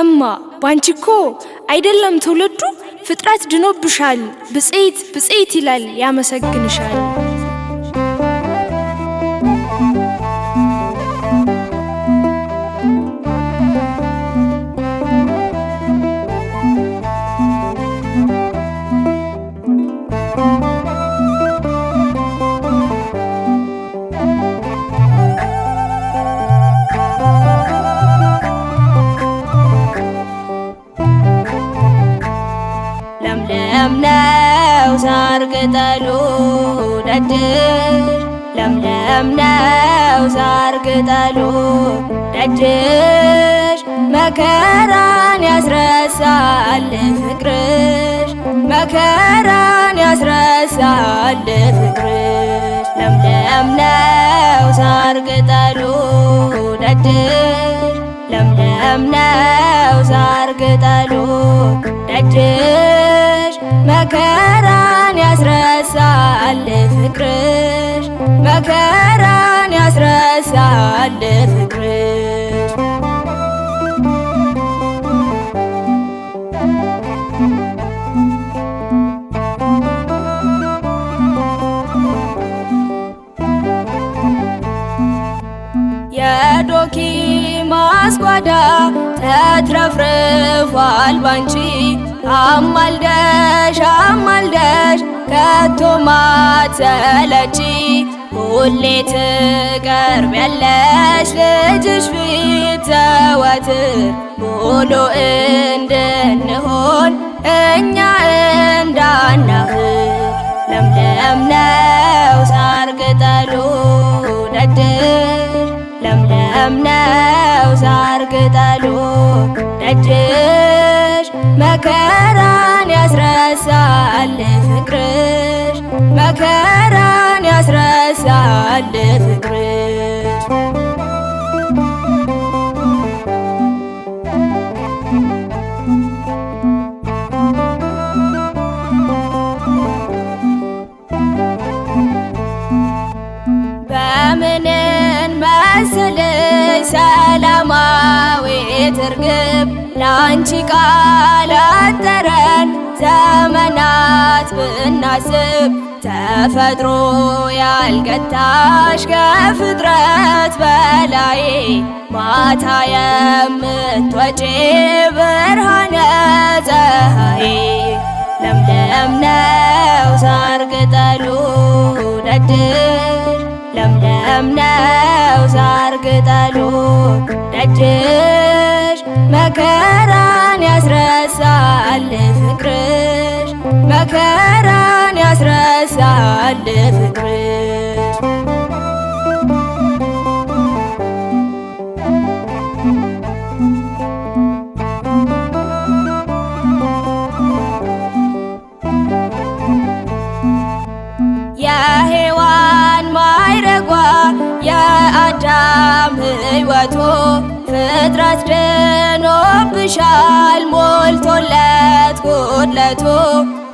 እማ ባንቺ እኮ አይደለም ትውልዱ ፍጥረት ድኖብሻል። ብጽኢት ብጽኢት ይላል ያመሰግንሻል። ቅጠሉ ደድር ለምለም ነው ሳር ቅጠሉ ደድር መከራን ያስረሳል ፍቅርሽ መከራን ያስረሳል ፍቅርሽ ለምለም ነው ሳር ቅጠሉ ደድር ለምለም ነው ሳር ቅጠሉ መከራ ያስረሳል ፍቅርሽ መከራን ያስረሳል ፍቅርሽ የዶኪ ማስጓዳ ተትረፍርፏል ባንቺ አማልደሽ አማልደሽ ከቶ ማትሰለቺ ሁሌ ትቀርቢያለሽ ልጅሽ ፊት ዘወትር ሙሉ እንድንሆን እኛ እንዳናፍር ለምለም ነው ሳር ቅጠሉ ደጅሽ ለምለም ነው ሳር ቅጠሉ ደጅሽ መከራን ያስረሳል ፍቅርሽ መከራን ያስረሳል ፍቅርሽ በምንን መስልሽ ሰላማዊት እርግብ ላንቺ ቃል አጠረን ዘመናት ብናስብ ተፈጥሮ ያልገታሽ ከፍጥረት በላይ ማታ የምትወጪ ብርሃነ ፀሐይ ለምለም ነው ሳር ቅጠሉ ደጅሽ ለምለም ነው ሳር ቅጠሉ ደጅሽ መከራን ያስረሳል ፍቅርሽ መከራን ያስረሳል ፍቅርሽ የሔዋን ማይረጓ የአዳም ሕይወቱ ፍጥረት ድኖብሻል ሞልቶለት ጉድለቱ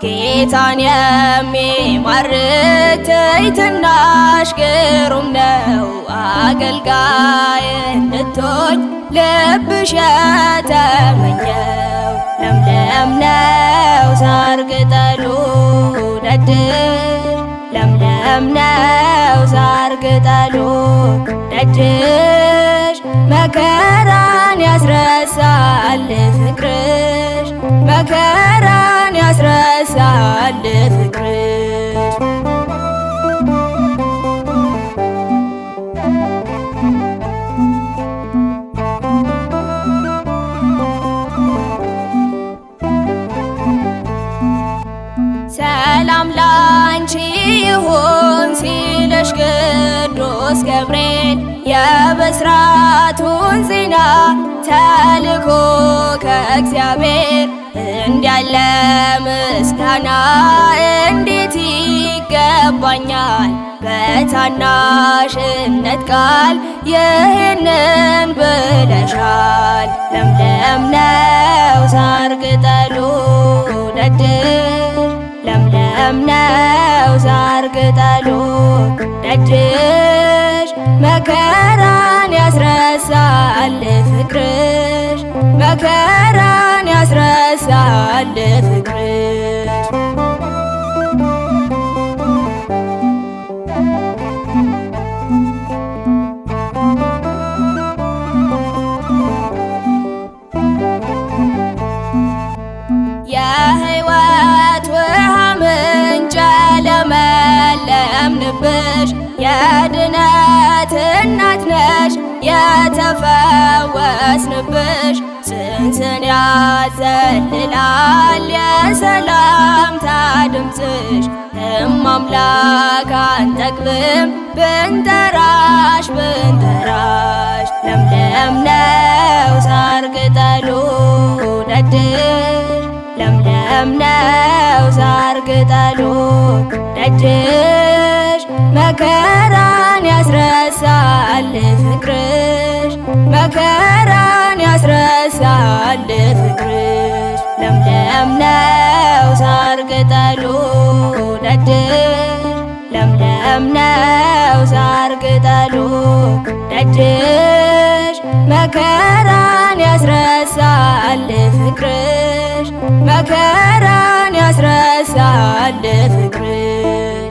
ጌታን የሚማርክ ትሕትናሽ ግሩም ነው። አገልጋይ እንድትሆኝ ልብሽ የተመኘው ለምለም ነው ሳር ቅጠሉ ለም ነው ሳር ቅጠሉ ደጅሽ መከራን ያስረሳል ፍቅርሽ መከራን ያስረሳል ፍቅርሽ ሰላም ላ ይሁን ሲለሽ ቅዱስ ገብርኤል የብስራቱን ዜና ተልኮ ከእግዚአብሔር እንዲያለ ምስጋና እንዴት ይገባኛል በታናሽነት ቃል ይህንን ብለሻል ለምለም ነው ሳር ቅጠሉ ነድ ለምለም ነው ሳር ቅጠሉ ደጅሽ መከራን ያስረሳል ፍቅርሽ መከራን ያስረሳል ፍቅርሽ የድነት እናት ነሽ የተፈወስንብሽ ጽንስን ያዘልላል የሰላምታ ድምፅሽ እማ አንጠግብም ብንጠራሽ ብንጠራሽ ለምለም ነው ሳር ቅጠሉ ደጅሽ ለምለም ነው ሳር ቅጠሉ ደጅሽ መከራን ያስረሳል ፍቅርሽ መከራን ያስረሳል ፍቅርሽ ለምለም ነው ሳር ቅጠሉ ደጅሽ ለምለም ነው ሳር ቅጠሉ ደጅሽ መከራን ያስረሳል ፍቅርሽ መከራን ያስረሳል ፍቅርሽ